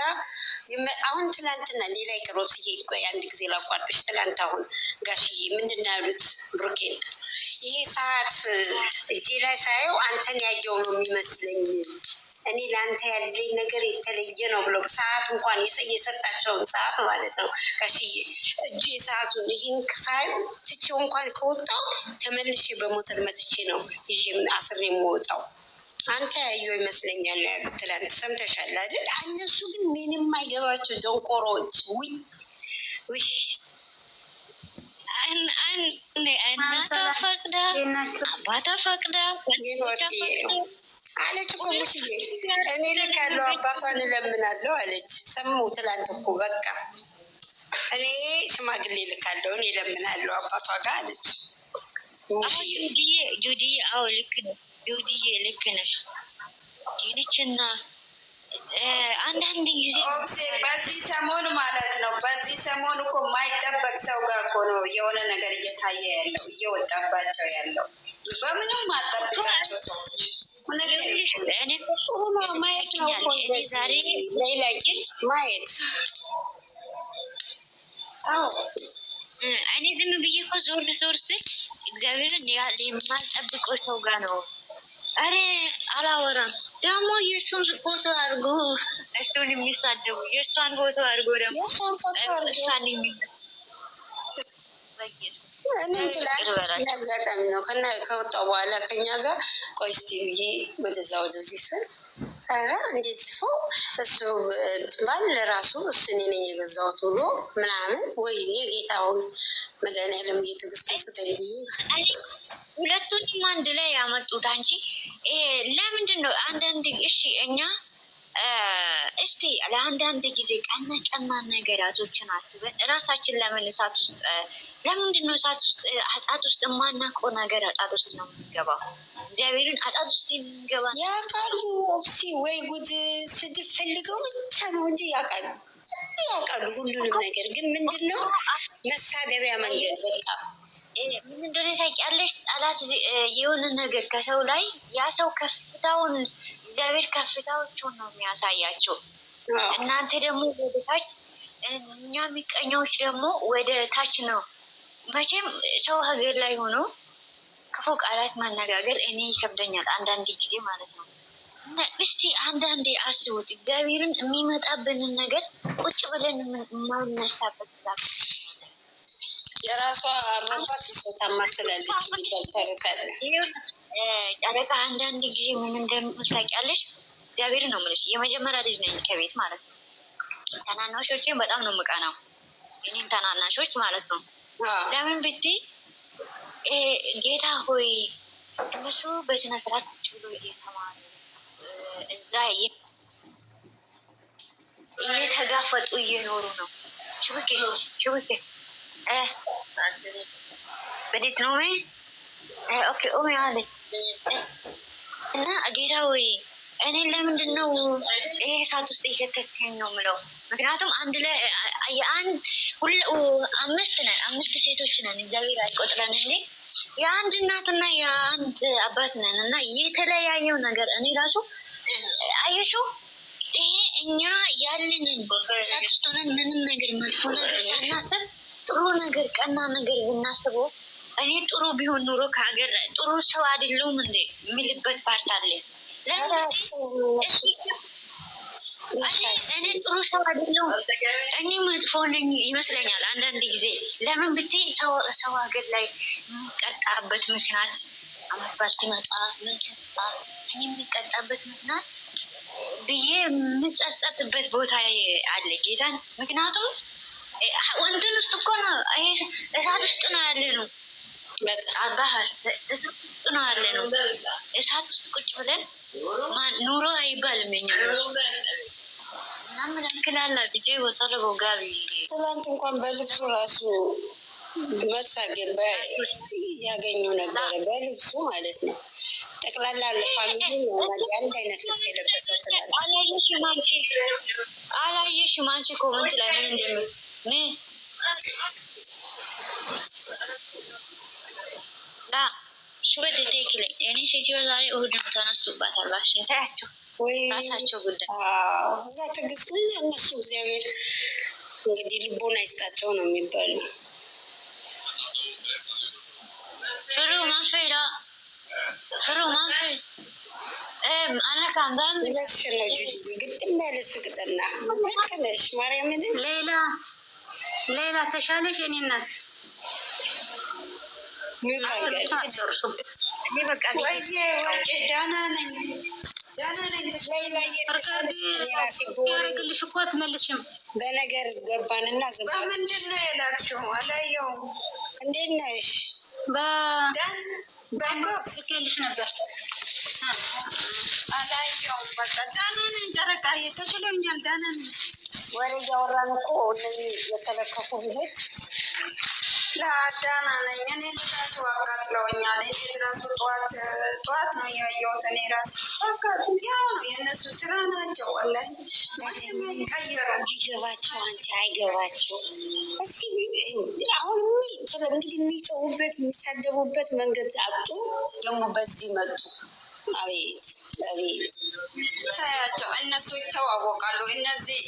ከዛ አሁን ትላንትና ሌላ ይቅሮ ሲሄድ ቆይ አንድ ጊዜ ላቋርጥሽ። ትላንት አሁን ጋሽዬ ምንድን ነው ያሉት? ብሩኬን ይሄ ሰዓት እጄ ላይ ሳየው አንተን ያየው ነው የሚመስለኝ እኔ ለአንተ ያለኝ ነገር የተለየ ነው ብሎ ሰዓት እንኳን የሰጣቸውን ሰዓት ማለት ነው። ጋሽዬ እጁ የሰዓቱን ይህን ሳይ ትቼው እንኳን ከወጣው ተመልሼ በሞተር መትቼ ነው ይዤ አስሬ የምወጣው አንተ ያየው ይመስለኛል ነው ትላንት ሰምተሻል አይደል? እነሱ ግን ምንም አይገባቸው ደንቆሮዎች። ውይ ውይ ፈቅዳ አባቷ ፈቅዳ አለች እኮ ሙሽዬ፣ እኔ ልክ ያለው አባቷን እለምናለሁ አለች። ሰሙ ትላንት እኮ በቃ እኔ ሽማግሌ ልካለሁ እኔ እለምናለሁ አባቷ ጋር አለች ሙሽዬ ጁዲዬ። አዎ ልክ ነው ይሁዲዬ ልክ ነሽ። ይልችና አንዳንድ ጊዜ ኦብሴ በዚህ ሰሞን ማለት ነው። በዚህ ሰሞን እኮ የማይጠበቅ ሰው ጋር እኮ ነው የሆነ ነገር እየታየ ያለው እየወጣባቸው ያለው በምንም ማጠብቃቸው ሰዎች እኔ ዝም ብዬ እኮ ዞር ዞር ስል እግዚአብሔርን የማልጠብቀው ሰው ጋር ነው እኔ አላወራም። ደግሞ የእሱን ፎቶ አድርጎ እሱን የሚሳደቡ የእሷን ፎቶ አድርጎ ደግሞ ነው ከና ከወጣው በኋላ ከኛ ጋር ቆይ እስቲ ብዬ ወደዛ ወደዚህ ስል እንዴት ጽፎ እሱ ባል ለራሱ እሱ እኔ ነኝ የገዛሁት ብሎ ምናምን ወይ የጌታ ሆይ መድኃኒዓለም ጌታ ክርስቶስ ስጠኝ ብዬ ሁለቱንም አንድ ላይ ያመጡት አንቺ ለምንድን ነው አንዳንድ እሺ እኛ እስቲ ለአንዳንድ ጊዜ ቀና ቀና ነገራቶችን አስበን እራሳችን ለምን እሳት ውስጥ ለምንድን ነው እሳት ውስጥ አጣት ውስጥ የማናውቀው ነገር አጣት ውስጥ ነው የምንገባው? እግዚአብሔርን አጣት ውስጥ የምንገባ ያውቃሉ። ሲ ወይ ጉድ ስድብ ፈልገው ብቻ ነው እንጂ ያውቃሉ፣ ያውቃሉ ሁሉንም ነገር ግን ምንድን ነው መሳደቢያ መንገድ በቃ እንደሆነ ታውቂያለሽ፣ ጠላት የሆነ ነገር ከሰው ላይ ያ ሰው ከፍታውን እግዚአብሔር ከፍታዎቹን ነው የሚያሳያቸው። እናንተ ደግሞ ወደ ታች፣ እኛ የሚቀኛዎች ደግሞ ወደ ታች ነው። መቼም ሰው ሀገር ላይ ሆኖ ክፉ ቃላት ማነጋገር እኔ ይከብደኛል አንዳንድ ጊዜ ማለት ነው። እስቲ አንዳንዴ አስቡት እግዚአብሔርን የሚመጣብንን ነገር ቁጭ ብለን የማነሳበት ዛ የራሷ አባት ሶታ ማስላለች ጨረቃ አንዳንድ ጊዜ ምን እንደምትል ታውቂያለሽ? እግዚአብሔር ነው የምልሽ የመጀመሪያ ልጅ ነኝ ከቤት ማለት ነው። ተናናሾችን በጣም ነው የምቀናው። እኔም ተናናሾች ማለት ነው። ለምን ብቲ ጌታ ሆይ እነሱ በስነ ስርዓት ችሎ እየተማሩ እዛ እየተጋፈጡ እየኖሩ ነው ሽብኬ ሽብኬ በሌት ነው ኦኬ ኦሜ አለ እና ጌታ ወይ እኔን ለምንድን ነው ይሄ እሳት ውስጥ እየከተከኝ ነው ምለው? ምክንያቱም አንድ ላይ የአንድ አምስት ነን አምስት ሴቶች ነን እግዚአብሔር አይቆጥረን እንዴ የአንድ እናትና የአንድ አባት ነን እና የተለያየው ነገር እኔ ራሱ አየሽው ይሄ እኛ ያለንን ሳትስቶነን ምንም ነገር መጥፎ ነገር ሳናስብ ጥሩ ነገር ቀና ነገር ብናስበው እኔ ጥሩ ቢሆን ኑሮ ከሀገር ጥሩ ሰው አይደለሁም እንደ የሚልበት ፓርት አለ። እኔ ጥሩ ሰው አይደለሁም እኔ መጥፎ ነኝ ይመስለኛል አንዳንድ ጊዜ። ለምን ብትይ ሰው ሀገር ላይ የሚቀጣበት ምክንያት አመባት ሲመጣ ምን እኔ የሚቀጣበት ምክንያት ብዬ የምጸጸጥበት ቦታ አለ ጌታን ምክንያቱም ወንድን ውስጥ እኮ ነው እሳት ውስጥ ነው ያለ ነው አባህል እሳት ውስጥ ነው ያለ ነው። እሳት ውስጥ ቁጭ ብለን ኑሮ አይባልም። ኛ ምናምን ያክላላ ልጆ በተለበው ጋቢ እንኳን በልብሱ ራሱ መሳገን ያገኘው ነበረ። በልብሱ ማለት ነው ጠቅላላ ለፋሚሊ አንድ አይነት ልብስ የለበሰው ትላንት አላየሽም አንቺ ኮመንት ላይ ምን እንደሚል Ne? Da şubede tekile. Yani seçiyorlar uydum tane su batar bak şimdi her çok. Nasıl çok güzel. bir, Buna Zaten kısmıyla እነሱ እግዚአብሔር እንግዲህ ልቦና ይስጣቸው ነው የሚባለው። ፍሩ ማንፌራ ፍሩ ማንፌራ አነካም በምን ለሽነጁ ግጥም ያለ ስቅጥና መቀለሽ ማርያምን Leyla. ሌላ ተሻለሽ የኔ እናት ያደረግልሽ እኮ አትመልሽም። በነገር ገባንና ምንድን ነው የላክሽው? አላየሁም። እንዴት ነሽ? ነበር አላየሁም። በቃ ደህና ነኝ፣ ጨረቃዬ ደህና ነኝ ወሬ እያወራን እኮ እነዚህ የተለከፉ ልጆች ለአዳና ነኝ እኔ ልራሱ አቃጥለውኛል። እኔ ልራሱ ጠዋት ጠዋት ነው ያየሁት። እኔ ራሱ አቃጥ ያው ነው የእነሱ ስራ ናቸው። ወላሂ ቀየሩ አይገባቸው፣ አንቺ አይገባቸው። እስቲ አሁን እንግዲህ የሚጮሁበት የሚሳደቡበት መንገድ አጡ። ደግሞ በዚህ መጡ አቤት አቤት ታያቸው፣ እነሱ ይተዋወቃሉ። እነዚህ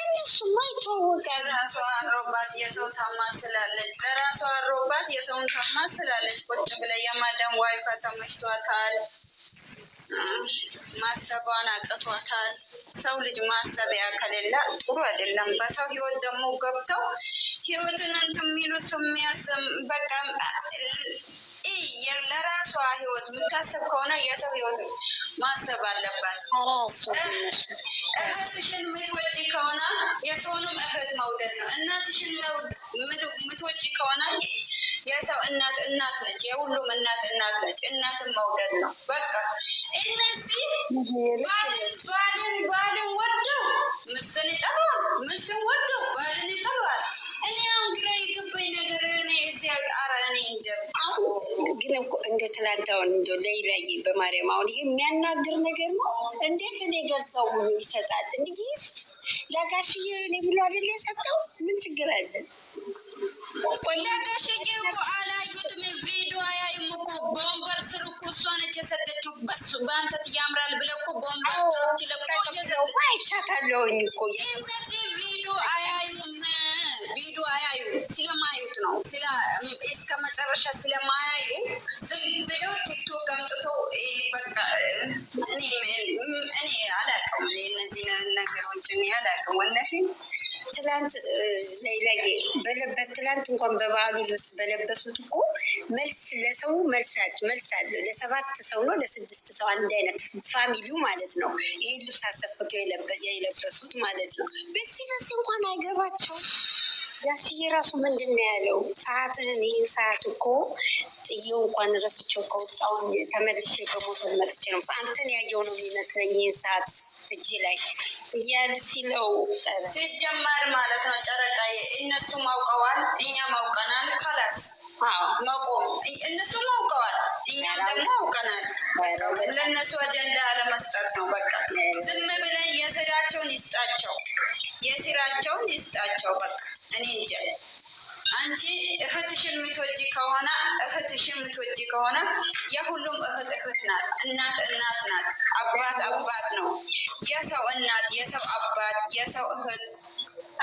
እነሱማ ይተዋወቃሉ። ራሷ አሮባት የሰው ታማስላለች፣ ለራሷ አሮባት የሰውን ታማስላለች። ቁጭ ብለ የማዳም ዋይፋ ተመችቷታል፣ ማሰቧን አቅቷታል። ሰው ልጅ ማሰቢያ ከሌላ ጥሩ አይደለም። በሰው ህይወት ደግሞ ገብተው ህይወትን እንትን የሚሉት በቃ ለራሷ ህይወት የምታስብ ከሆነ የሰው ህይወት ማሰብ አለባት። እህትሽን የምትወጂ ከሆነ የሰውንም እህት መውደድ ነው። እናትሽን የምትወጂ ከሆነ የሰው እናት እናት ነች። የሁሉም እናት እናት ነች። እናትን መውደድ ነው። በቃ እነዚህ ባልን ባልን ወደው ምስን ይጠሯል፣ ምስን ወደው ግን እኮ እንደ ትላንት አሁን እንደ ለይላይ በማርያም አሁን ይሄ የሚያናግር ነገር ነው። እንዴት እኔ ገዛው ይሰጣል እንግዲህ ለጋሽዬ እኔ ብሎ አይደለ የሰጠው ምን ችግር አለ? ለጋሽዬ እኮ አላዩትም። ቪዲዮ እኮ በወንበር ስር እኮ እሷ ነች የሰጠችው። በሱ ብለው እኮ በወንበር አይቻታለሁኝ እኮ ቪዲዮ አያዩም። ቪዲዮ ስለማ ፕሮጀክት ነው እስከ መጨረሻ ስለማያዩ ዝም ብለው ቲክቶክ አምጥቶ እኔ አላውቅም። እነዚህ ነገሮች እኔ አላውቅም። ወላሂ ትላንት ላይ በለበት ትላንት እንኳን በበዓሉ ልብስ በለበሱት እኮ መልስ ለሰው መልሳት አለ። ለሰባት ሰው ነው ለስድስት ሰው አንድ አይነት ፋሚሊው ማለት ነው። ይህን ልብስ አሰፍቶ የለበሱት ማለት ነው። በዚህ በዚህ እንኳን አይገባቸው ጋሽዬ ራሱ ምንድን ነው ያለው? ሰዓትህን ይህን ሰዓት እኮ ጥዬው እንኳን ረስቸው ከወጣውን ተመልሼ በሞተል መጥቼ ነው አንተን ያየው ነው የሚመስለኝ ይህን ሰዓት እጅ ላይ እያል ሲለው ሲጀመር ማለት ነው። ጨረቃ እነሱ ማውቀዋል እኛ ማውቀናል። ካላስ መቆም እነሱ ማውቀዋል እኛም ደግሞ አውቀናል። ለእነሱ አጀንዳ ለመስጠት ነው። በቃ ዝም ብለን የስራቸውን ይስጣቸው፣ የስራቸውን ይስጣቸው በቃ እኔ እንጃ። አንቺ እህትሽን የምትወጂ ከሆነ እህትሽን የምትወጂ ከሆነ የሁሉም እህት እህት ናት። እናት እናት ናት። አባት አባት ነው። የሰው እናት፣ የሰው አባት፣ የሰው እህት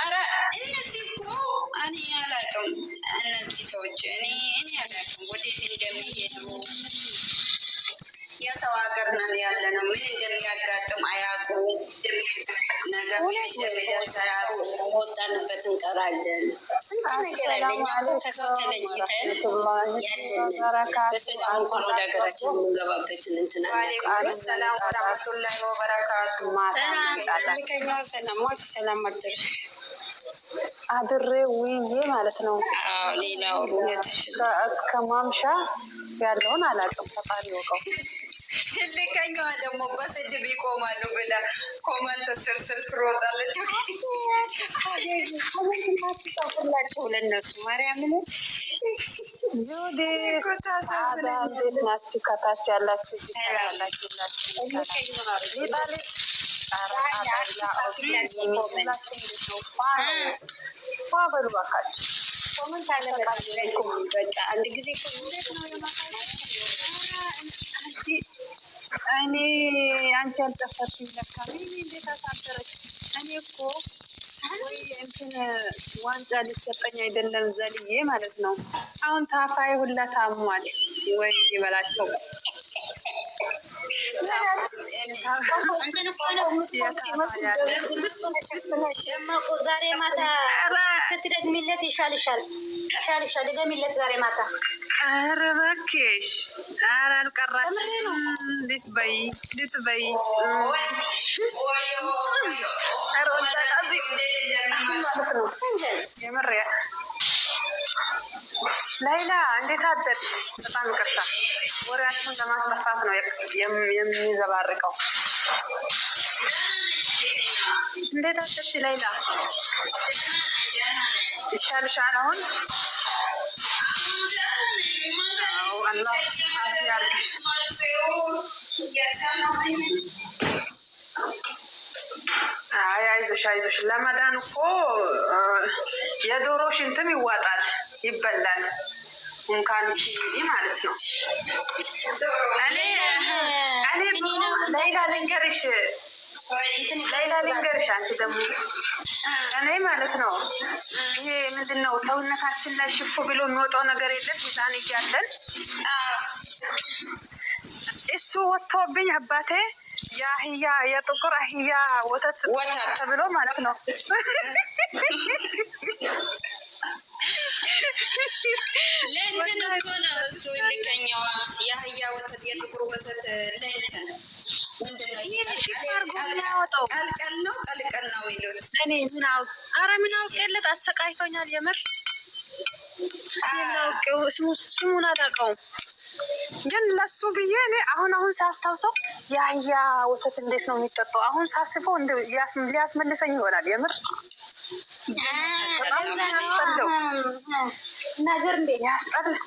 አረ እነዚህ እኮ እኔ አላቅም። እነዚህ ሰዎች እኔ እኔ አላቅም ወዴት እንደሚሄዱ የሰው ሀገር ነው ያለ ነው። ምን እንደሚያጋጥም አያውቁ ወጣንበት እንቀራለን። ስንት ነገር አለ። እኛ ከሰው ተለይተን ያለንን ወደ ሀገራችን የምንገባበትን እንትን አድሬ ውዬ ማለት ነው። ሌላው ከማምሻ ያለውን አላውቅም። ተጣሪ ወቀው ልቀኛዋ ደግሞ በስድብ ይቆማሉ ብላ ኮመንት ስር ስር ትሮጣለች። ላቸው ለነሱ ማርያምን ከታች ያላችሁ አንድ ጊዜ እኔ አንቺ አልጠፈርሽ ለካ። እንዴት አሳደረች? እኔ እኮ እንትን ዋንጫ ሊሰጠኝ አይደለም ዘልዬ ማለት ነው። አሁን ታፋይ ሁላ ታሟል ወይ ይበላቸው። ዛሬ ማታ ስትደግሚለት ይሻል ይሻል ይሻል ይሻል፣ ድገሚለት ዛሬ ማታ ኧረ እባክሽ ኧረ አልቀራችም። እንዴት በይ እንዴት በይ የምሬ ላይላ እንዴት አደርሽ? በጣም ይቅርታ ወሬያችሁን ለማስጠፋት ነው የሚዘባርቀው። እንዴት አደርሽ ላይላ? ይሻልሻል አሁን? አይ አይዞሽ አይዞሽ። ለመዳን እኮ የዶሮ ሽንትም ይዋጣል ይበላል። እንኳን ማለት ነው። እኔ ሌላ ልንገርሽ ሌላ ልንገርሽ፣ አንቺ ደግሞ እኔ ማለት ነው ይሄ ምንድን ነው ሰውነታችን ላይ ሽፉ ብሎ የሚወጣው ነገር የለም ሚዛን እያለን እሱ ወጥቶብኝ አባቴ የአህያ የጥቁር አህያ ወተት ተብሎ ማለት ነው ለእንትን እኮ ነው እሱ ልከኛዋ የአህያ ወተት የጥቁር ወተት ለእንትን ቀልቀል ነው ቀልቀል ነው የሚሉት። እኔ ምን አውቅ ኧረ ምን አውቅ የለት አሰቃይቶኛል። የምር የምናውቀው ስሙን አላውቀውም፣ ግን ለሱ ብዬ እኔ አሁን አሁን ሳስታውሰው የአህያ ወተት እንዴት ነው የሚጠጣው? አሁን ሳስበው ሊያስመልሰኝ ይሆናል የምር ነገር እንዴ ያስጠላል።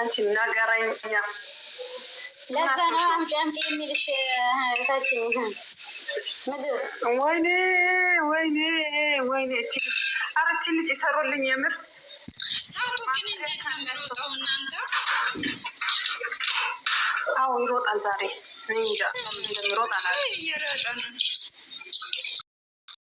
አንቺ ነገረኛ ለዛ ነው አምጪ የሚልሽ ታች ምግብ። ወይኔ ወይኔ ወይኔ! ኧረ እቺ ልጅ ይሰሩልኝ የምር ሰቱ ግን እንዴት ነው የሚሮጠው? እናንተ አዎ ይሮጣል። ዛሬ እኔ እንጃ እንደሚሮጥ አላውቅም።